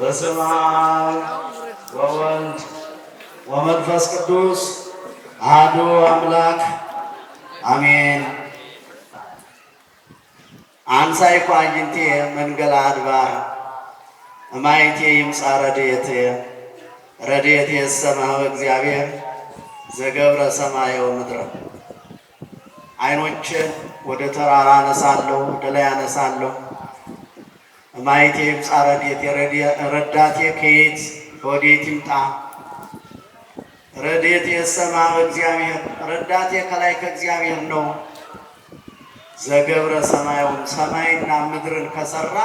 በስመ አብ ወወልድ ወመንፈስ ቅዱስ አሐዱ አምላክ አሜን። አንሳይ ኳይንቴ መንገለ አድባር እማይቴ ይምጻ ረድኤቴ ረድኤቴ ሰማያዊ እግዚአብሔር ዘገብረ ሰማየ ምድረ አይኖችን ወደ ተራራ አነሳለሁ ወደ ላይ አነሳለሁ ማየቴ ምጻረ ቤት ረዳቴ ከየት ከወዴት ይምጣ? ረድኤት የሰማ እግዚአብሔር ረዳቴ ከላይ ከእግዚአብሔር ነው። ዘገብረ ሰማዩን ሰማይና ምድርን ከሰራ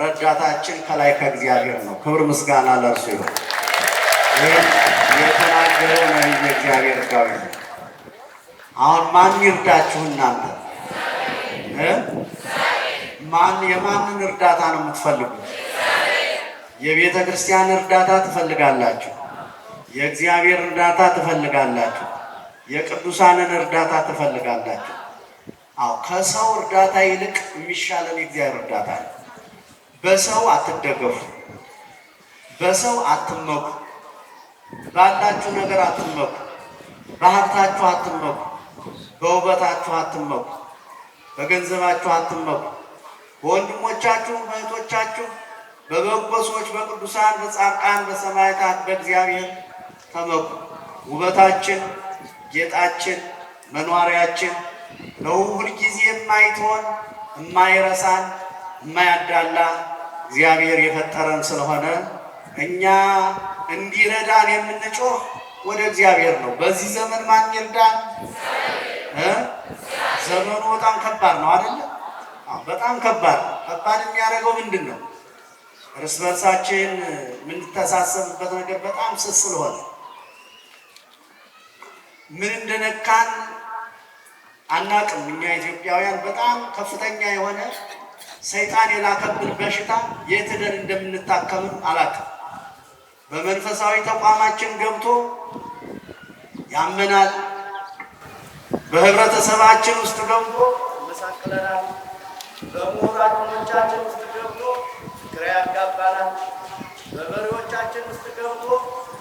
ረዳታችን ከላይ ከእግዚአብሔር ነው። ክብር ምስጋና ለእርሱ ይሁን። የተናገረ ነው እግዚአብሔር ጋር አሁን ማን ይርዳችሁ እናንተ ማን የማንን እርዳታ ነው የምትፈልጉት? የቤተ ክርስቲያን እርዳታ ትፈልጋላችሁ? የእግዚአብሔር እርዳታ ትፈልጋላችሁ? የቅዱሳንን እርዳታ ትፈልጋላችሁ? አዎ፣ ከሰው እርዳታ ይልቅ የሚሻለን የእግዚአብሔር እርዳታ ነው። በሰው አትደገፉ፣ በሰው አትመኩ፣ ባላችሁ ነገር አትመኩ፣ በሀብታችሁ አትመኩ፣ በውበታችሁ አትመኩ፣ በገንዘባችሁ አትመኩ በወንድሞቻችሁ በእህቶቻችሁ፣ በበጎ ሰዎች፣ በቅዱሳን፣ በጻድቃን፣ በሰማዕታት በእግዚአብሔር ተመኩ። ውበታችን፣ ጌጣችን፣ መኗሪያችን ነው። ሁልጊዜ የማይትሆን የማይረሳን፣ የማያዳላ እግዚአብሔር የፈጠረን ስለሆነ እኛ እንዲረዳን የምንጮህ ወደ እግዚአብሔር ነው። በዚህ ዘመን ማን ይርዳን? ዘመኑ በጣም ከባድ ነው አይደለ? በጣም ከባድ ከባድ የሚያደርገው ምንድን ነው? እርስ በርሳችን የምንተሳሰብበት ነገር በጣም ስስ ስለሆነ ምን እንደነካን አናቅም። እኛ ኢትዮጵያውያን በጣም ከፍተኛ የሆነ ሰይጣን የላከብን በሽታ የት ሄደን እንደምንታከምም አላቅም። በመንፈሳዊ ተቋማችን ገብቶ ያመናል። በህብረተሰባችን ውስጥ ገብቶ መሳቅለናል በምሁራኖቻችን ውስጥ ገብቶ ግራ ያጋባናል። በመሪዎቻችን ውስጥ ገብቶ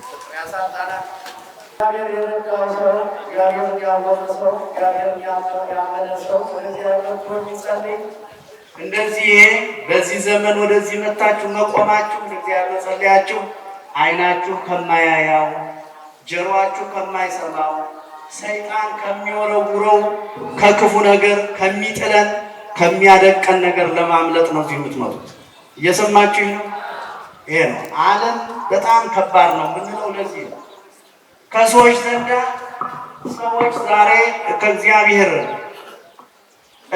ፍቅር ያሳጣናል። እግዚአብሔር የነካው ሰው፣ እግዚአብሔር ያወቀ ሰው፣ እግዚአብሔር ያመነ ሰው ወደዚያ ገብቶ የሚጸልይ እንደዚህ በዚህ ዘመን ወደዚህ መታችሁ መቆማችሁ እግዚአብሔር መጸለያችሁ አይናችሁ ከማያያው ጀሮአችሁ ከማይሰማው ሰይጣን ከሚወረውረው ከክፉ ነገር ከሚጥለን ከሚያደቀን ነገር ለማምለጥ ነው እዚህ የምትመጡት። እየሰማችሁ ይሄ ነው። ዓለም በጣም ከባድ ነው የምንለው ለዚህ ነው። ከሰዎች ዘንዳ ሰዎች ዛሬ ከእግዚአብሔር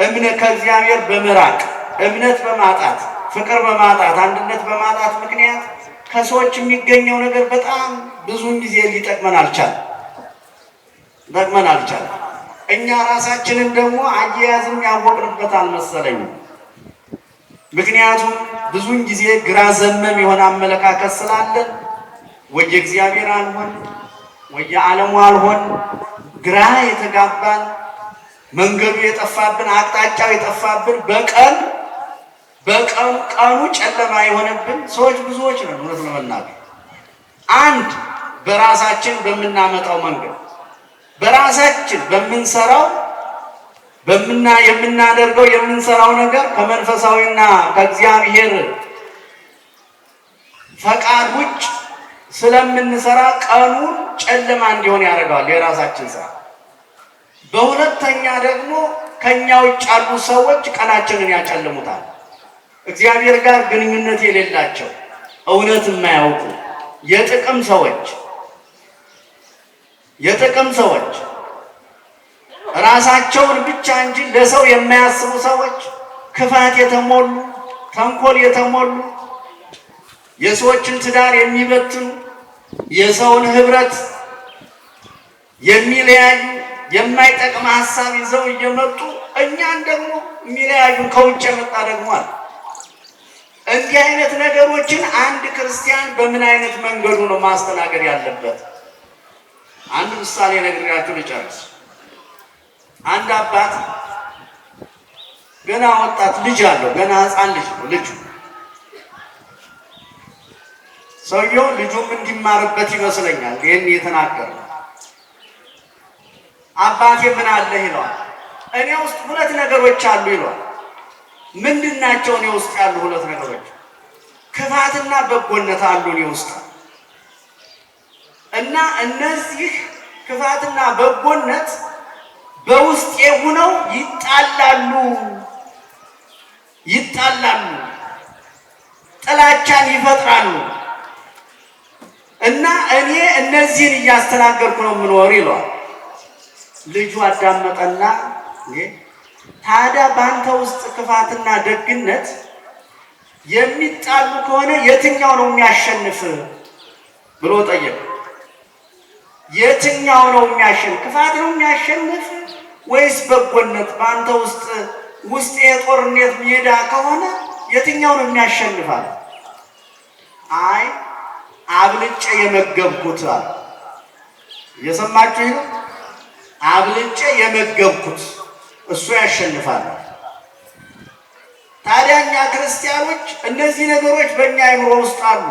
እምነት ከእግዚአብሔር በመራቅ እምነት በማጣት ፍቅር በማጣት አንድነት በማጣት ምክንያት ከሰዎች የሚገኘው ነገር በጣም ብዙ ጊዜ ሊጠቅመን አልቻለም፣ ሊጠቅመን አልቻለም። እኛ ራሳችንን ደግሞ አያያዝም ያወቅንበት አልመሰለኝም። ምክንያቱም ብዙን ጊዜ ግራ ዘመም የሆነ አመለካከት ስላለ ወየ እግዚአብሔር አልሆን ወየ ዓለሙ አልሆን ግራ የተጋባን መንገዱ የጠፋብን አቅጣጫው የጠፋብን በቀን በቀኑ ቀኑ ጨለማ የሆነብን ሰዎች ብዙዎች ነን። እውነት ለመናገር አንድ በራሳችን በምናመጣው መንገድ በራሳችን በምንሰራው በምና የምናደርገው የምንሰራው ነገር ከመንፈሳዊና ከእግዚአብሔር ፈቃድ ውጭ ስለምንሰራ ቀኑን ጨለማ እንዲሆን ያደርገዋል የራሳችን ስራ። በሁለተኛ ደግሞ ከኛ ውጭ ያሉ ሰዎች ቀናችንን ያጨልሙታል። እግዚአብሔር ጋር ግንኙነት የሌላቸው እውነት የማያውቁ የጥቅም ሰዎች የጥቅም ሰዎች ራሳቸውን ብቻ እንጂ ለሰው የማያስቡ ሰዎች፣ ክፋት የተሞሉ ተንኮል የተሞሉ የሰዎችን ትዳር የሚበትኑ የሰውን ህብረት የሚለያዩ የማይጠቅም ሀሳብ ይዘው እየመጡ እኛን ደግሞ የሚለያዩ ከውጭ የመጣ ደግሞ አለ። እንዲህ አይነት ነገሮችን አንድ ክርስቲያን በምን አይነት መንገዱ ነው ማስተናገድ ያለበት? አንድ ምሳሌ ነግሬያችሁ ልጨርስ። አንድ አባት ገና ወጣት ልጅ አለው። ገና ህፃን ልጅ ነው ልጁ። ሰውየው ልጁም እንዲማርበት ይመስለኛል ይህን የተናገረ አባቴ ምን አለ ይለዋል። እኔ ውስጥ ሁለት ነገሮች አሉ ይለዋል። ምንድናቸው? እኔ ውስጥ ያሉ ሁለት ነገሮች ክፋትና በጎነት አሉ እኔ ውስጥ እና እነዚህ ክፋትና በጎነት በውስጤ ሆነው ይጣላሉ ይጣላሉ፣ ጥላቻን ይፈጥራሉ። እና እኔ እነዚህን እያስተናገርኩ ነው የምኖር ይለዋል። ልጁ አዳመጠና ታዲያ በአንተ ውስጥ ክፋትና ደግነት የሚጣሉ ከሆነ የትኛው ነው የሚያሸንፍ ብሎ ጠየቀ። የትኛው ነው የሚያሸንፍ? ክፋት ነው የሚያሸንፍ ወይስ በጎነት? በአንተ ውስጥ ውስጥ የጦርነት ሜዳ ከሆነ የትኛው ነው የሚያሸንፋል? አይ አብልጬ የመገብኩት አለ። እየሰማችሁ አብልጬ የመገብኩት እሱ ያሸንፋል። ታዲያ እኛ ክርስቲያኖች እነዚህ ነገሮች በእኛ አይምሮ ውስጥ አሉ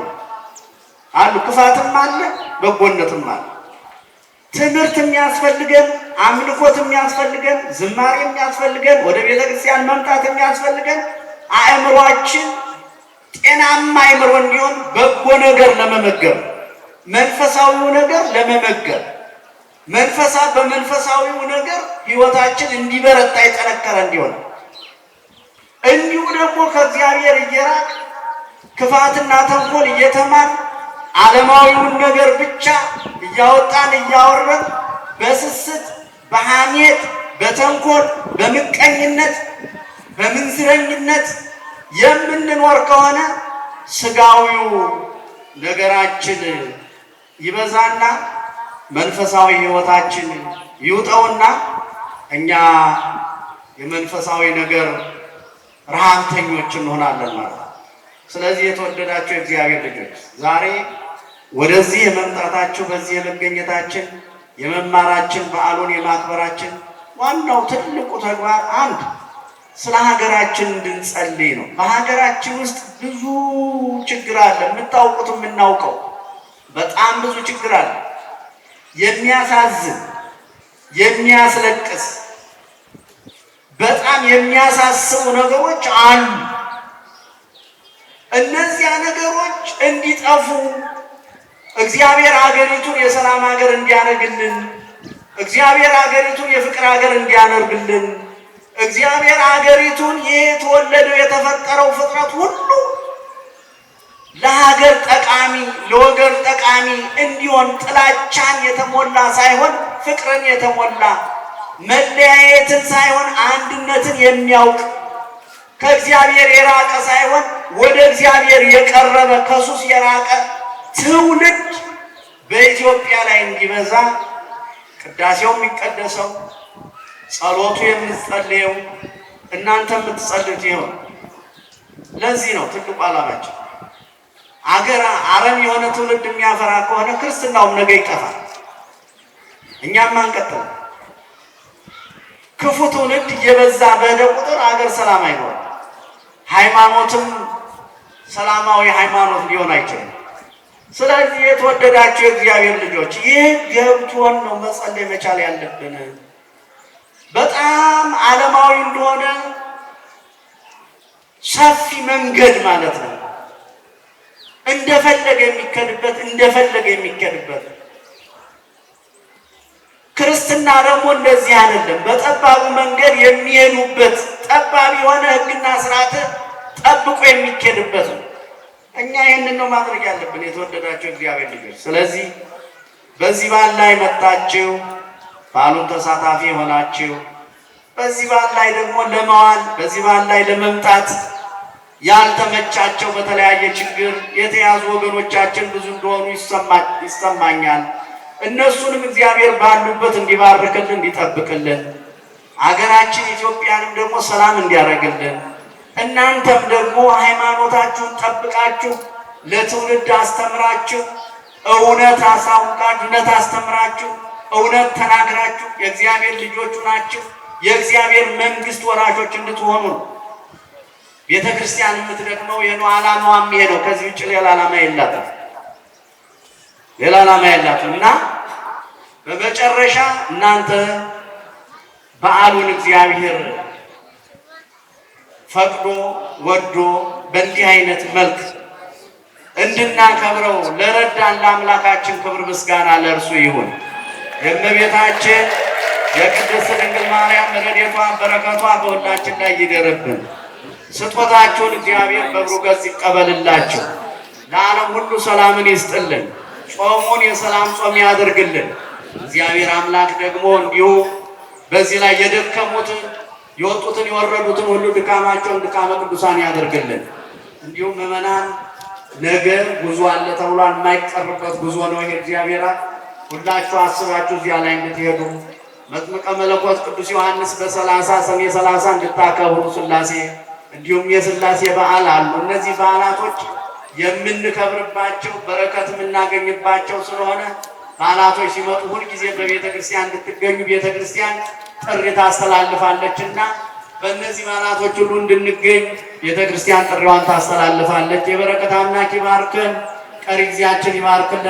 አሉ። ክፋትም አለ፣ በጎነትም አለ። ትምህርት የሚያስፈልገን፣ አምልኮት የሚያስፈልገን፣ ዝማሬ የሚያስፈልገን፣ ወደ ቤተ ክርስቲያን መምጣት የሚያስፈልገን አእምሯችን ጤናማ አእምሮ እንዲሆን በጎ ነገር ለመመገብ መንፈሳዊው ነገር ለመመገብ መንፈሳ በመንፈሳዊው ነገር ህይወታችን እንዲበረታ የጠነከረ እንዲሆን እንዲሁ ደግሞ ከእግዚአብሔር እየራቅ ክፋትና ተንኮል እየተማር ዓለማዊውን ነገር ብቻ እያወጣን እያወረን በስስት በሐሜት በተንኮል በምቀኝነት በምንዝረኝነት የምንኖር ከሆነ ስጋዊው ነገራችን ይበዛና መንፈሳዊ ሕይወታችን ይውጠውና እኛ የመንፈሳዊ ነገር ረሃብተኞች እንሆናለን ማለት ነው። ስለዚህ የተወደዳቸው የእግዚአብሔር ልጆች ዛሬ ወደዚህ የመምጣታችሁ በዚህ የመገኘታችን የመማራችን በዓሉን የማክበራችን ዋናው ትልቁ ተግባር አንድ ስለ ሀገራችን እንድንጸልይ ነው። በሀገራችን ውስጥ ብዙ ችግር አለ። የምታውቁት የምናውቀው በጣም ብዙ ችግር አለ። የሚያሳዝን የሚያስለቅስ በጣም የሚያሳስቡ ነገሮች አሉ። እነዚያ ነገሮች እንዲጠፉ እግዚአብሔር ሀገሪቱን የሰላም ሀገር እንዲያደርግልን፣ እግዚአብሔር አገሪቱን የፍቅር ሀገር እንዲያደርግልን፣ እግዚአብሔር ሀገሪቱን ይህ የተወለደው የተፈጠረው ፍጥረት ሁሉ ለሀገር ጠቃሚ ለወገን ጠቃሚ እንዲሆን ጥላቻን የተሞላ ሳይሆን ፍቅርን የተሞላ መለያየትን ሳይሆን አንድነትን የሚያውቅ ከእግዚአብሔር የራቀ ሳይሆን ወደ እግዚአብሔር የቀረበ ከሱስ የራቀ ትውልድ በኢትዮጵያ ላይ እንዲበዛ ቅዳሴው የሚቀደሰው ጸሎቱ የምትጸልየው እናንተ የምትጸልዩት ይሆን። ለዚህ ነው ትልቁ አላማቸው አገር አረም የሆነ ትውልድ የሚያፈራ ከሆነ ክርስትናውም ነገ ይጠፋል፣ እኛም አንቀጥል። ክፉ ትውልድ እየበዛ በሄደ ቁጥር አገር ሰላም አይኖርም፣ ሃይማኖትም ሰላማዊ ሃይማኖት ሊሆን አይችልም። ስለዚህ የተወደዳችሁ የእግዚአብሔር ልጆች ይህ ገብቶን ነው መጸለይ መቻል ያለብን። በጣም ዓለማዊ እንደሆነ ሰፊ መንገድ ማለት ነው። እንደፈለገ የሚከድበት እንደፈለገ የሚከድበት ክርስትና ደግሞ እንደዚህ አይደለም። በጠባቡ መንገድ የሚሄዱበት ጠባብ የሆነ ሕግና ስርዓት ጠብቆ የሚኬድበት ነው። እኛ ይህንን ነው ማድረግ ያለብን የተወደዳቸው እግዚአብሔር ልጆች። ስለዚህ በዚህ በዓል ላይ መጥታችሁ በዓሉን ተሳታፊ የሆናችሁ በዚህ በዓል ላይ ደግሞ ለመዋል በዚህ በዓል ላይ ለመምጣት ያልተመቻቸው በተለያየ ችግር የተያዙ ወገኖቻችን ብዙ እንደሆኑ ይሰማኛል። እነሱንም እግዚአብሔር ባሉበት እንዲባርክልን እንዲጠብቅልን፣ አገራችን ኢትዮጵያንም ደግሞ ሰላም እንዲያደርግልን እናንተም ደግሞ ሃይማኖታችሁን ጠብቃችሁ ለትውልድ አስተምራችሁ እውነት አሳውቃ አስተምራችሁ እውነት ተናግራችሁ የእግዚአብሔር ልጆቹ ናችሁ የእግዚአብሔር መንግስት ወራሾች እንድትሆኑ ነው። ቤተ ክርስቲያን የምትደግመው የኖ አላማዋ ነው። ከዚህ ውጭ ሌላ አላማ የላትም፣ ሌላ አላማ የላትም እና በመጨረሻ እናንተ በዓሉን እግዚአብሔር ፈቅዶ ወዶ በእንዲህ አይነት መልክ እንድናከብረው ለረዳን ለአምላካችን ክብር ምስጋና ለእርሱ ይሁን። የእመቤታችን የቅድስት ድንግል ማርያም ረድኤቷ በረከቷ በሁላችን ላይ ይደርብን። ስጦታችሁን እግዚአብሔር በብሩ ገጽ ይቀበልላችሁ። ለዓለም ሁሉ ሰላምን ይስጥልን። ጾሙን የሰላም ጾም ያደርግልን። እግዚአብሔር አምላክ ደግሞ እንዲሁ በዚህ ላይ የደከሙትን የወጡትን የወረዱትን ሁሉ ድካማቸውን ድካመ ቅዱሳን ያደርግልን። እንዲሁም ምዕመናን ነገ ጉዞ አለ ተብሏል። የማይቀርበት ጉዞ ነው ይሄ። እግዚአብሔር ሁላችሁ አስባችሁ እዚያ ላይ እንድትሄዱ መጥምቀ መለኮት ቅዱስ ዮሐንስ በሰላሳ ሰኔ ሰላሳ እንድታከብሩ ስላሴ እንዲሁም የስላሴ በዓል አሉ። እነዚህ በዓላቶች የምንከብርባቸው በረከት የምናገኝባቸው ስለሆነ በዓላቶች ሲመጡ ሁልጊዜ በቤተክርስቲያን እንድትገኙ ቤተክርስቲያን ጥሪ ታስተላልፋለችና በእነዚህ በዓላቶች ሁሉ እንድንገኝ ቤተ ክርስቲያን ጥሪዋን ታስተላልፋለች። የበረከት አምላክ ይባርከን፣ ቀሪ ጊዜያችን ይባርክልን።